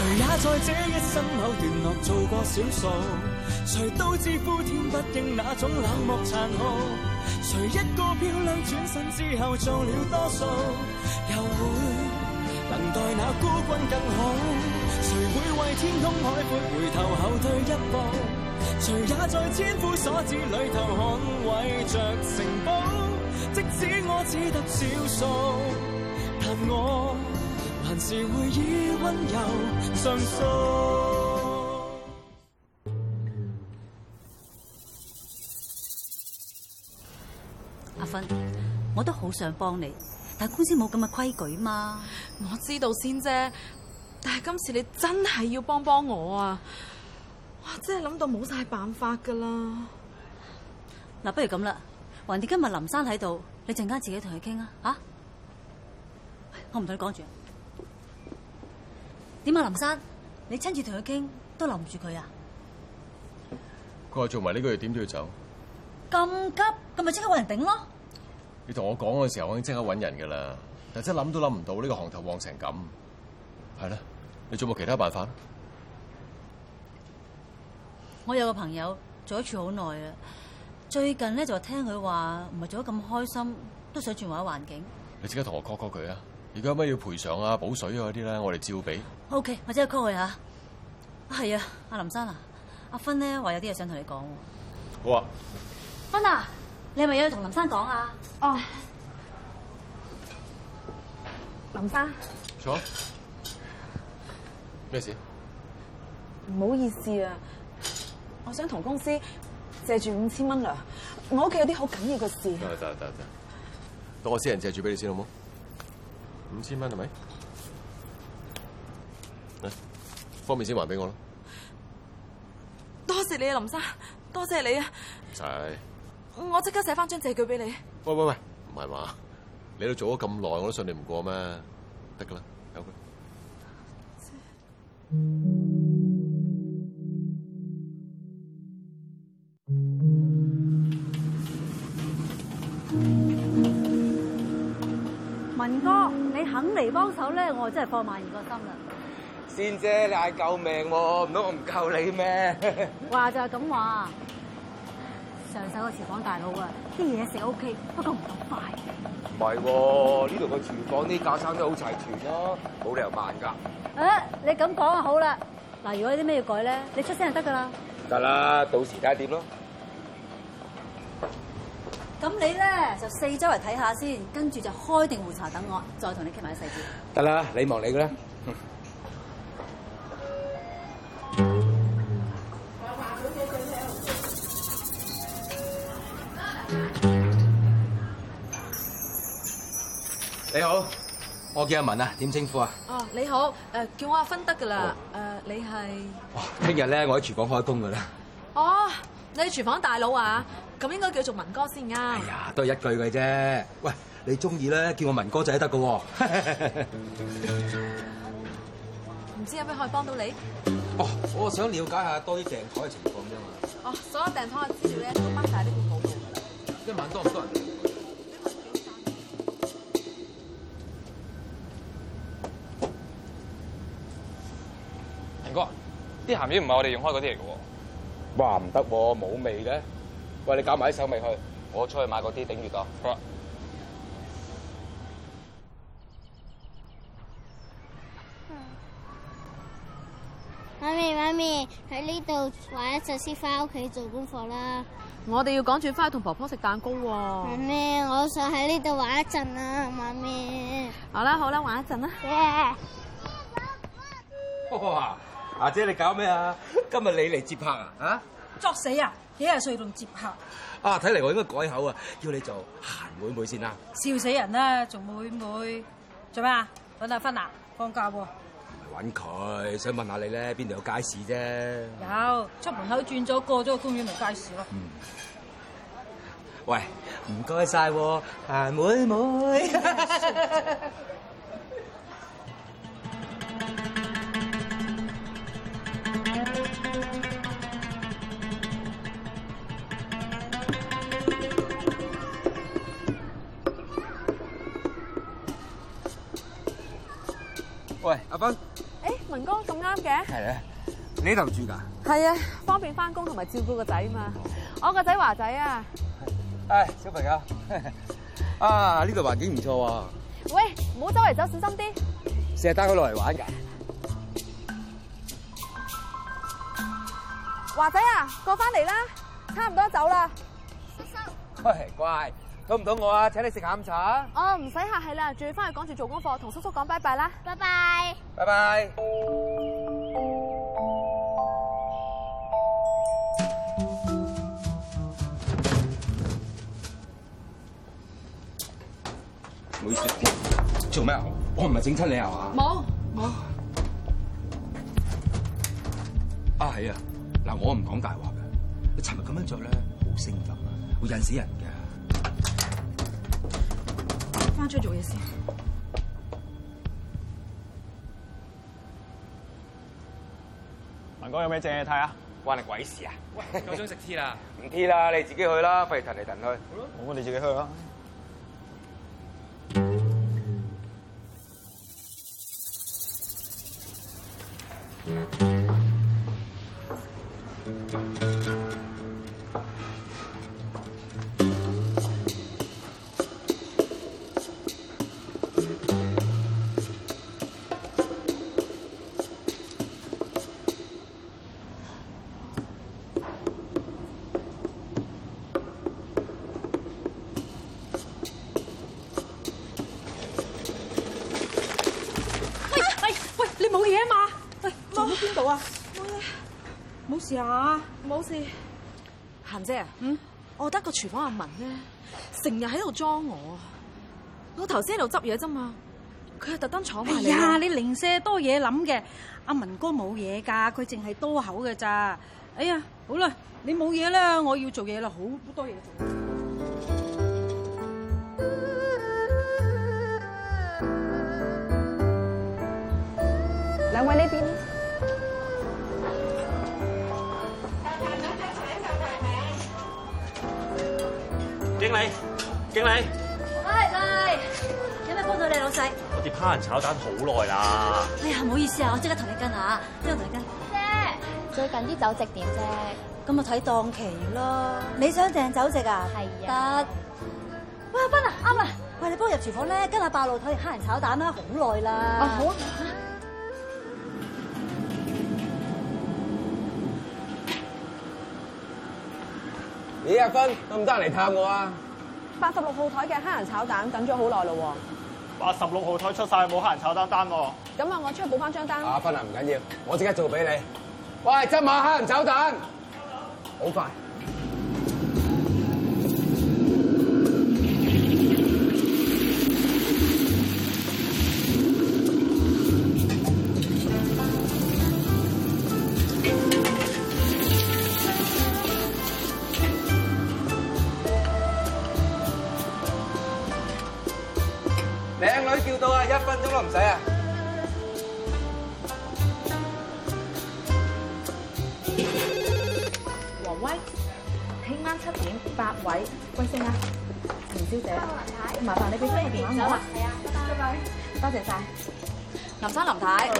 誰也在這一生偶然落做過少數，誰都知呼天不應那種冷漠殘酷。誰一個漂亮轉身之後做了多數，又會等待那孤軍更好？誰會為天空海闊回頭後退一步？誰也在千夫所指裏頭捍衛着城堡，即使我只得少數，但我。凡事會以溫柔相訴。阿芬，我都好想幫你，但係公司冇咁嘅規矩嘛。我知道先啫，但係今次你真係要幫幫我啊！我真係諗到冇晒辦法噶啦。嗱，不如咁啦，橫掂今日林生喺度，你陣間自己同佢傾啊。吓，我唔同你講住。點啊，林生，你親自同佢傾都留唔住佢啊！佢話做埋呢個月點都要走，咁急咁咪即刻揾人頂咯！你同我講嘅時候我已經即刻揾人噶啦，但真諗都諗唔到呢個行頭旺成咁。係啦，你仲有冇其他辦法？我有一個朋友做咗處好耐啊。最近咧就話聽佢話唔係做得咁開心，都想轉換下環境。你即刻同我 call call 佢啊！而家乜要賠償啊、補水啊嗰啲咧，就是、我哋照俾。O、okay, K，我即刻 call 佢吓。係、oh、啊、yes,，阿林生啊，阿芬咧話有啲嘢想同你講。好啊。芬啊，你係咪要同林生講啊？哦。Oh. 林生。坐。咩事？唔好意思啊，我想同公司借住五千蚊啦。我屋企有啲好緊要嘅事。得得得得，等我私人借住俾你先好唔好？五千蚊係咪？方便先還俾我啦。多謝你啊，林生，多謝你啊。唔使。我即刻寫翻張借據俾你。喂喂喂，唔係嘛？你都做咗咁耐，我都信你唔過咩？得噶啦，有佢。等嚟幫手咧，我真係放慢唔個心啦。仙姐，你嗌救命喎，啊，唔通我唔救你咩？話就係咁話，上手個廚房大佬不不啊，啲嘢食 OK，不過唔夠快。唔係喎，呢度個廚房啲架衫都好齊全咯，冇理由慢㗎。你咁講就好啦。嗱，如果有啲咩要改咧，你出聲就得㗎啦。得啦，到時睇下點咯。咁你咧就四周圍睇下先，跟住就開定壺茶等我，再同你傾埋啲細節。得啦，你忙你嘅啦。嗯、你好，我叫阿文啊，點稱呼啊？哦，你好，誒、呃，叫我阿芬得噶啦。誒、哦呃，你係？哦，聽日咧，我喺廚房開工噶啦。哦，你係廚房大佬啊？咁應該叫做文哥先啊！哎呀，都係一句嘅啫。喂，你中意咧，叫我文哥仔得嘅喎。唔知有咩可以幫到你？哦，我啊想了解下多啲訂台嘅情況啫嘛。哦，所有訂台嘅資料咧都擺曬喺呢個表格。先問多唔多？文哥，啲鹹魚唔係我哋用開嗰啲嚟嘅喎。哇，唔得喎，冇味嘅。喂，你搞埋啲手尾去，我出去買嗰啲頂住檔。好啦。媽咪，媽咪，喺呢度玩一陣先，翻屋企做功課啦。我哋要趕住翻去同婆婆食蛋糕喎。媽咪，我想喺呢度玩一陣啊，媽咪。好啦，好啦，玩一陣啦。阿 Yeah. Yeah. 姐，你搞咩啊？ 今日你嚟接客啊？啊？作死啊？幾廿歲仲接客啊！睇嚟我應該改口啊，叫你做閒、哎、妹妹先啦。笑死人啦，仲妹妹做咩啊？揾阿芬啊，放假喎。唔係揾佢，想問下你咧，邊度有街市啫、啊？有出門口轉咗過咗個公園，咪、就是、街市咯。嗯。喂，唔該曬，閒、哎、妹妹。哎 喂，阿斌。誒、哎，文哥咁啱嘅。係啊，你呢度住噶？係啊，方便翻工同埋照顧個仔嘛。哦、我個仔華仔啊。係、哎、小朋友。哈哈啊，呢度環境唔錯喎。喂，唔好周圍走，小心啲。成日帶佢落嚟玩噶。華仔啊，過翻嚟啦，差唔多走啦。叔叔。喂、哎，乖。肚唔肚餓啊！請你食下午茶。哦，唔使客氣啦，仲要翻去趕住做功課，同叔叔講拜拜啦。拜拜。拜拜。唔好意思，做咩啊？我唔係整親你啊嘛。冇冇。阿喜啊，嗱，我唔講大話㗎。你尋日咁樣着咧，好性感啊，會引死人。出去做嘢先，文哥有咩借嘢睇啊？關你鬼事啊！喂，夠鐘食 T 啦？唔 T 啦，你自己去啦，費事騰嚟騰去。好咯的，我哋自己去啦。嗯啊，冇沒事姐。嫻姐仙啊，嗯，我覺得個廚房阿文咧，成日喺度裝我，我頭先喺度執嘢啫嘛，佢係特登闖埋嚟。哎呀，你零舍多嘢諗嘅，阿文哥冇嘢噶，佢淨係多口嘅咋。哎呀，好啦，你冇嘢啦，我要做嘢啦，好多嘢做位。兩位。經理，經理，喂，喂，有咩幫到你老細？我啲蝦仁炒蛋好耐啦。哎呀，唔好意思啊，我即刻同你跟下！即刻同你跟。姐，最近啲酒席點啫？咁啊睇檔期咯。你想訂酒席啊？係啊的，得行。阿芬啊，啱啦，喂，你幫我入廚房咧，跟下八路睇蝦仁炒蛋啦、啊，好耐啦。哦，好啊。李阿芬？你唔得嚟探我啊！八十六號台嘅蝦仁炒蛋等咗好耐咯喎，八十六號台出晒冇蝦仁炒蛋單喎，咁啊我出去補翻張單。阿芬啊，唔緊要，我即刻做俾你。喂，今晚蝦仁炒蛋，好了快。唔使啊，王威，聽晚七點八位，貴姓啊？陳小姐，太太麻煩你俾張入邊好唔嗎好？係啊，拜拜，拜，拜謝謝，多謝晒！林生、林太，啊、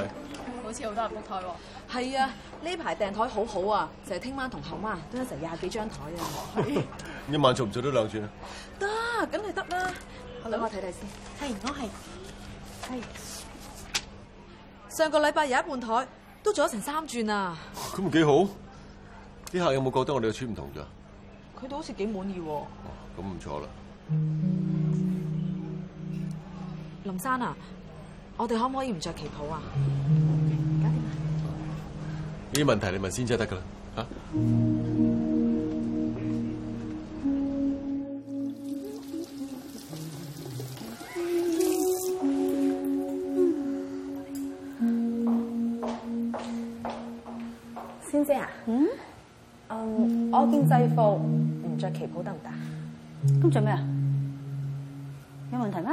好似好多人伏台喎。係啊，呢排訂台好好啊，就係聽晚同後晚都一齊廿幾張台啊。係，一晚做唔做多兩轉啊？得，梗係得啦。我睇睇先，係我係。上個禮拜有一半台都做咗成三轉啊、哦！咁唔幾好？啲客有冇覺得我哋嘅村唔同咗？佢哋好似幾滿意喎、哦。哦，咁唔錯啦。林生啊，我哋可唔可以唔着旗袍啊？呢啲問題你問先至得噶啦，吓、啊。企好得唔得？咁做咩啊？有問題咩？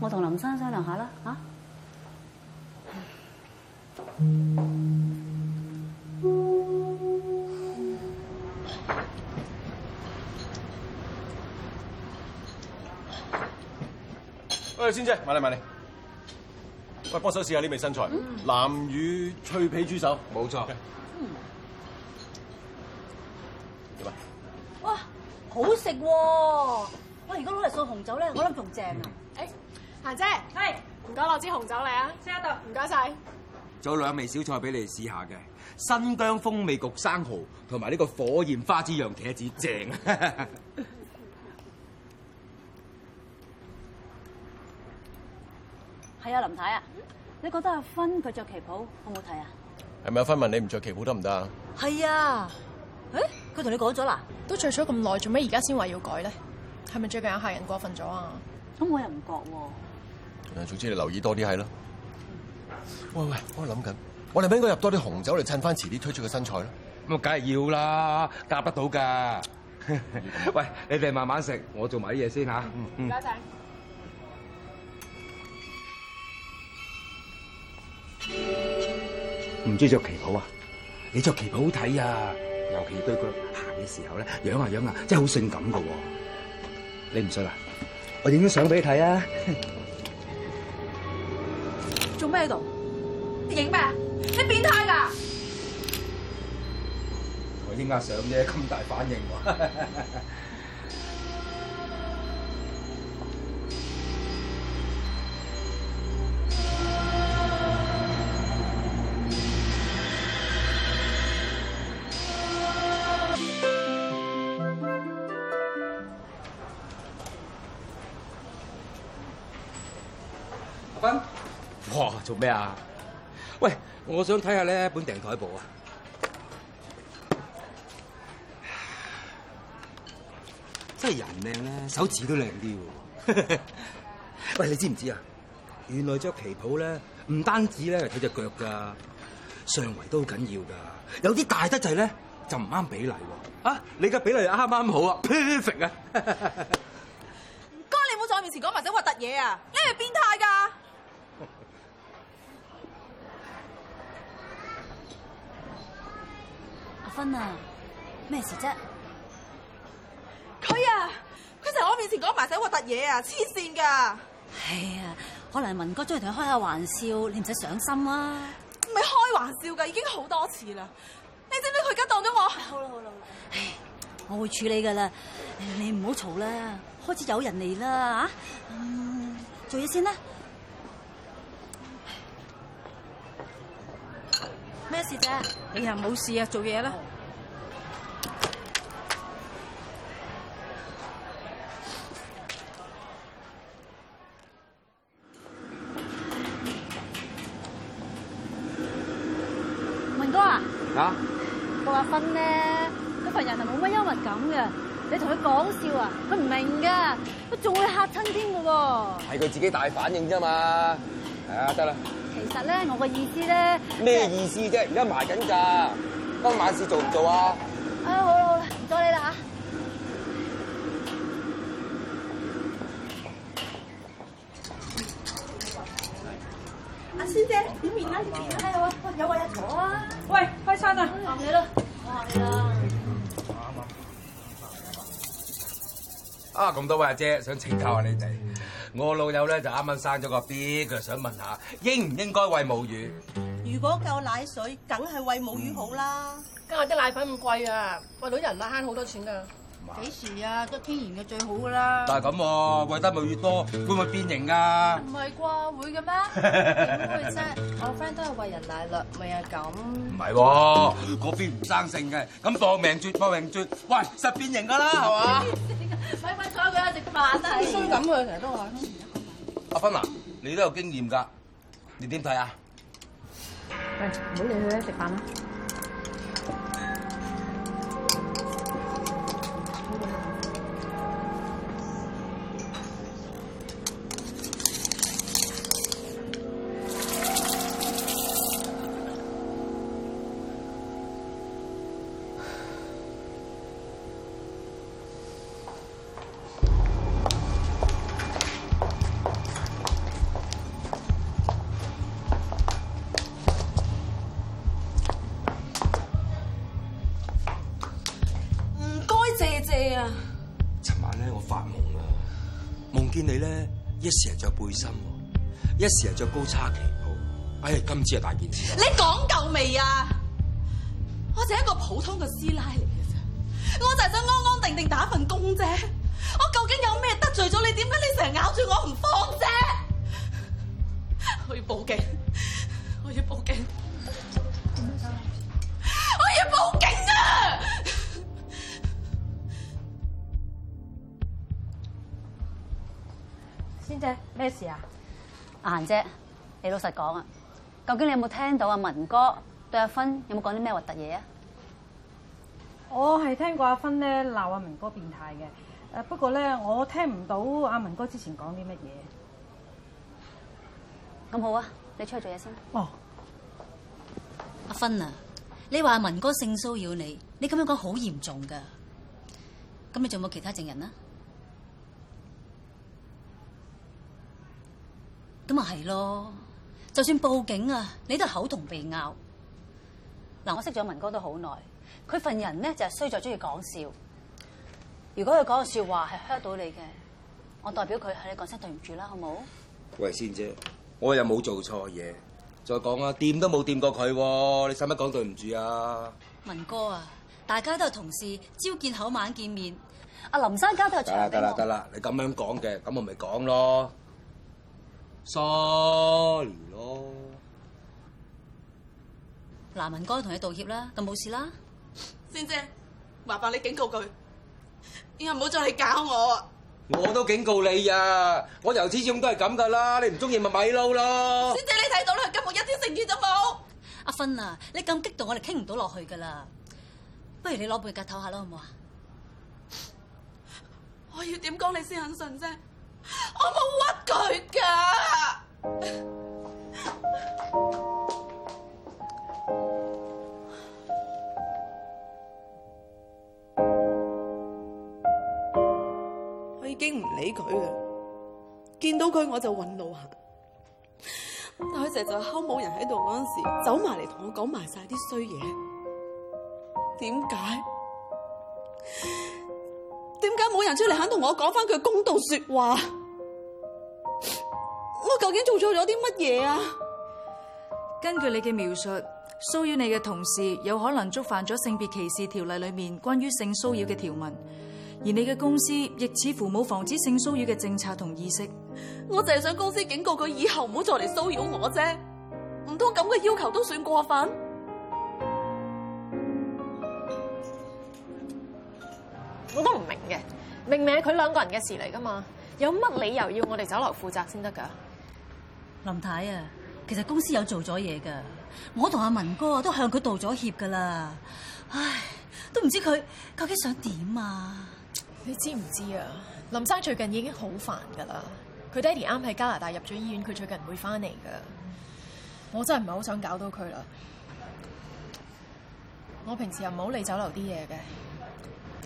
我同林生商量下啦，啊！喂，仙姐，埋嚟埋嚟，喂，幫手試下呢味新菜。南乳、嗯、脆皮豬手，冇錯。嗯。好食喎，啊！我如果攞嚟送紅酒咧，我諗仲正啊！嗯！哎、欸，仙姐，係唔該攞支紅酒嚟啊！喺度，唔該晒。仲有兩味小菜俾你哋試下嘅，新疆風味焗生蠔同埋呢個火焰花枝洋茄子，正啊！係 啊，林太啊，你覺得阿芬佢着旗袍好唔好睇啊？係咪阿芬問？你唔着旗袍得唔得啊？係啊。我同你講咗啦，都着咗咁耐，做咩而家先話要改咧？係咪最近有客人過分咗啊？咁我又唔覺喎。誒，總之你留意多啲係啦。喂喂，我諗緊，我哋唔應該入多啲紅酒嚟襯翻遲啲推出嘅新菜咯。咁啊，梗係要啦，夾得到噶。喂，你哋慢慢食，我做埋啲嘢先吓。唔該晒。唔中意著旗袍啊？你着旗袍好睇啊！尤其對佢行嘅時候咧，樣啊樣啊，真係好性感噶，你唔信啊？我影張相俾你睇啊！做咩喺度？影咩？你變態噶？我影下相啫，咁大反應喎！芬，哇，做咩啊？喂，我想睇下呢本訂台簿啊。真係人靚咧，手指都靚啲喎。喂，你知唔知啊？原來着旗袍咧，唔單止咧睇隻腳噶，上圍都好緊要噶。有啲大得滯咧，就唔啱比例喎。啊，你嘅比例啱啱好啊，perfect 啊。唔該，你唔好在我面前講埋啲核突嘢啊，你係變態噶。分啊！咩事啫？佢啊，佢成日喺我面前講埋晒嗰沓嘢啊，黐線噶！係呀，可能文哥中意同佢開下玩笑，你唔使上心啦。未開玩笑噶，已經好多次啦。你知唔知佢而家當咗我？好啦好啦，好啦，唉，我會處理噶啦，你唔好嘈啦。開始有人嚟啦，嗯，做嘢先啦。咩事啫？哎呀，冇事啊，做嘢啦。文哥啊！啊！我話訓阿芬咧，佢份人係冇乜幽默感嘅，你同佢講笑啊，佢唔明噶，佢仲會吓親添嘅喎。係佢自己大反應啫嘛，係啊，得啦。其實咧，我個意思咧，咩意思啫？而家、就係、埋緊㗎，今晚事做唔做啊？啊，好啦好啦，唔阻你啦嚇。阿師姐，你咪拎啲嘢啊，喎，有位阿坐啊。喂，開餐啦！嚟啦，嚟啦。啊，咁多位阿姐，想請教下你哋。我老友咧就啱啱生咗個 B，佢想問下應唔應該餵母乳？如果夠奶水，梗係餵母乳好啦。嗯。今日啲奶粉咁貴啊，餵到人奶慳好多錢噶。幾時啊？都天然嘅最好噶啦，啊。但係咁喎，餵得母乳多，會唔會變形噶，啊？唔係啩？會嘅咩？我 friend 都係餵人奶啦，咪係咁？唔係喎，我 B 唔生性嘅，咁搏命啜，搏命啜，餵實變形噶啦，係嘛？ 咪揾咗佢食飯啦，好衰咁佢成日都話。阿芬啊，你都有經驗㗎，你點睇啊？喂，唔好理佢啦，食飯啦。一時係着背心，一時係着高叉旗袍，哎，今次係大件事。你講夠未啊？我就係一個普通嘅師奶嚟嘅啫，我就係想安安定定打份工啫。我究竟有咩得罪咗你？點解你成日咬住我唔放啫？我要報警，我要報警。咩事啊，阿嫻姐，你老實講啊，究竟你有冇聽到阿文哥對阿芬有冇講啲咩核突嘢啊？我係聽過阿芬咧鬧阿文哥變態嘅，誒不過咧我聽唔到阿文哥之前講啲乜嘢。咁好啊，你出去做嘢先。哦。阿芬啊，你話阿文哥性騷擾你，你咁樣講好嚴重㗎。咁你仲有冇其他證人啊？咁咪係咯，就算報警啊，你都口同鼻拗。嗱，我識咗文哥都好耐，佢份人咧就係衰在中意講笑。如果佢講嘅說話係吓到你嘅，我代表佢向你講聲對唔住啦，好唔好？喂，仙姐，我又冇做錯嘢，再講啊，掂都冇掂過佢，你使乜講對唔住啊？文哥啊，大家都係同事，朝見口晚見面。阿林生家都係長地龍。得啦得啦得啦，你咁樣講嘅，咁我咪講咯。sorry 咯，嗱，文哥同你道歉啦，咁冇事啦，仙姐，麻煩你警告佢，以後唔好再嚟搞我。我都警告你呀，我由始至終都係咁噶啦，你唔中意咪咪撈啦。仙姐，你睇到啦，今日一啲誠意都冇。阿芬啊，你咁激動，我哋傾唔到落去噶啦，不如你攞背夾唞下啦，好唔好啊？我要點講你先肯信啫？我冇屈佢噶，我已經唔理佢啦，見到佢我就混路行。但係佢成日就敲冇人喺度嗰陣時，走埋嚟同我講埋晒啲衰嘢，點解？而家冇人出嚟肯同我講翻句公道說話，我究竟做錯咗啲乜嘢啊？根據你嘅描述，騷擾你嘅同事有可能觸犯咗性別歧視條例裏面關於性騷擾嘅條文，而你嘅公司亦似乎冇防止性騷擾嘅政策同意識。我淨係想公司警告佢以後唔好再嚟騷擾我啫，唔通咁嘅要求都算過分？我都唔明嘅，明明係佢兩個人嘅事嚟噶嘛，有乜理由要我哋酒樓負責先得噶？林太啊，其實公司有做咗嘢噶，我同阿文哥都向佢道咗歉噶啦。唉，都唔知佢究竟想點啊？你知唔知啊？林生最近已經好煩噶啦，佢爹哋啱喺加拿大入咗醫院，佢最近唔會翻嚟噶。我真係唔係好想搞到佢啦。我平時又唔好理酒樓啲嘢嘅。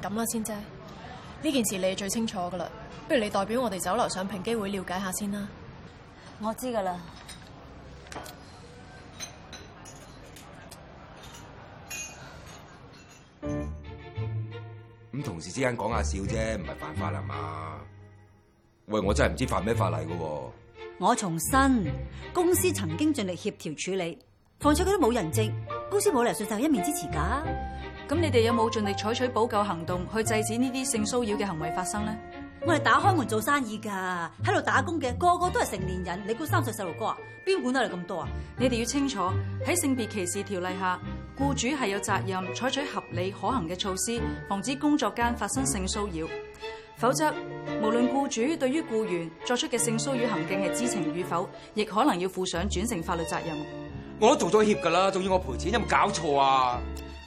咁啦，仙姐。呢件事你係最清楚噶啦，不如你代表我哋酒樓上平機會了解下先啦。我知噶啦。咁同事之間講下笑啫，唔係犯法啦嘛。喂，我真係唔知犯咩法例噶。我重申，公司曾經盡力協調處理，況且佢都冇人證，公司冇理由順受一面之詞噶。咁你哋有冇盡力採取補救行動去制止呢啲性騷擾嘅行為發生呢？我哋打開門做生意噶，喺度打工嘅個個都係成年人，你估三歲細路哥啊？邊管得嚟咁多啊？你哋要清楚喺性別歧視條例下，僱主係有責任採取合理可行嘅措施，防止工作間發生性騷擾。否則，無論僱主對於僱員作出嘅性騷擾行徑係知情與否，亦可能要負上轉承法律責任。我都做咗協噶啦，仲要我賠錢有冇搞錯啊？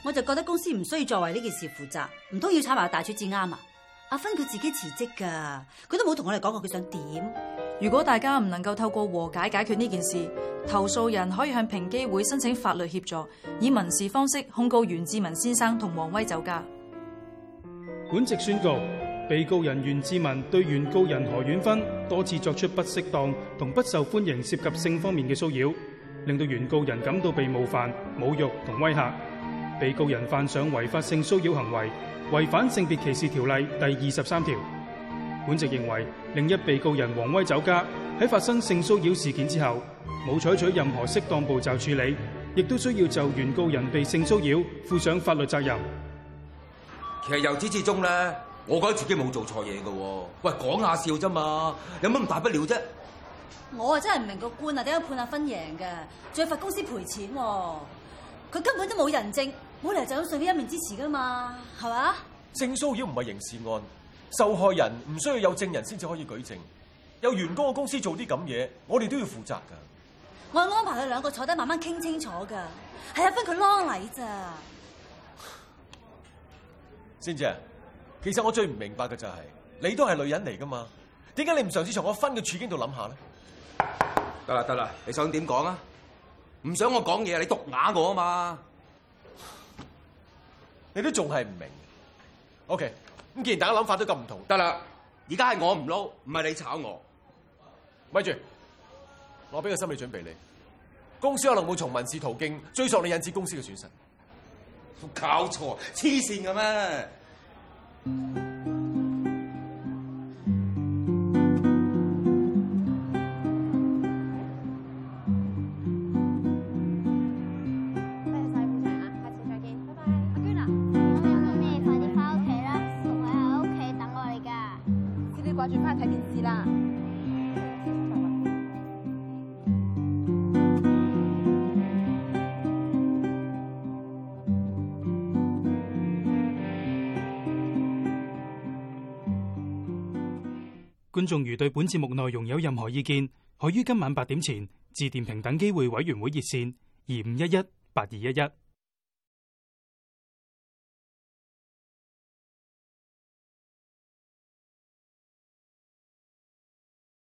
我就覺得公司唔需要再為呢件事負責，唔通要炒埋大廚至啱啊？阿芬佢自己辭職㗎佢都冇同我哋講過佢想點。如果大家唔能夠透過和解解決呢件事，投訴人可以向平機會申請法律協助，以民事方式控告袁志文先生同黃威酒家。本席宣告，被告人袁志文對原告人何婉芬多次作出不適當同不受歡迎涉及性方面嘅騷擾，令到原告人感到被冒犯、侮辱同威吓。被告人犯上違法性騷擾行為，違反性別歧視條例第二十三條。本席認為，另一被告人王威酒家喺發生性騷擾事件之後，冇採取任何適當步驟處理，亦都需要就原告人被性騷擾負上法律責任。其實由始至終咧，我覺得自己冇做錯嘢噶。喂，講下笑啫嘛，有乜咁大不了啫？我啊真係唔明個官啊，點解判阿芬贏嘅，仲要罰公司賠錢？佢根本都冇人證。本嚟就有上面一面之詞噶嘛，係嘛？性騷擾唔係刑事案，受害人唔需要有證人先至可以舉證。有員工嘅公司做啲咁嘢，我哋都要負責噶。我安排佢兩個坐低慢慢傾清楚噶，係阿芬佢撈禮咋？仙姐，其實我最唔明白嘅就係、是，你都係女人嚟噶嘛？點解你唔嘗試從我芬嘅處境度諗下咧？得啦得啦，你想點講啊？唔想我講嘢，你毒啞我啊嘛？你都仲係唔明？OK，咁既然大家諗法都咁唔同，得啦，而家係我唔撈，唔係你炒我。咪住，我俾個心理準備你，公司可能會從民事途徑追索你引致公司嘅損失搞。搞錯，黐線㗎咩？仲如對本節目內容有任何意見，可于今晚八點前致電平等機會委員會熱線二五一一八二一一。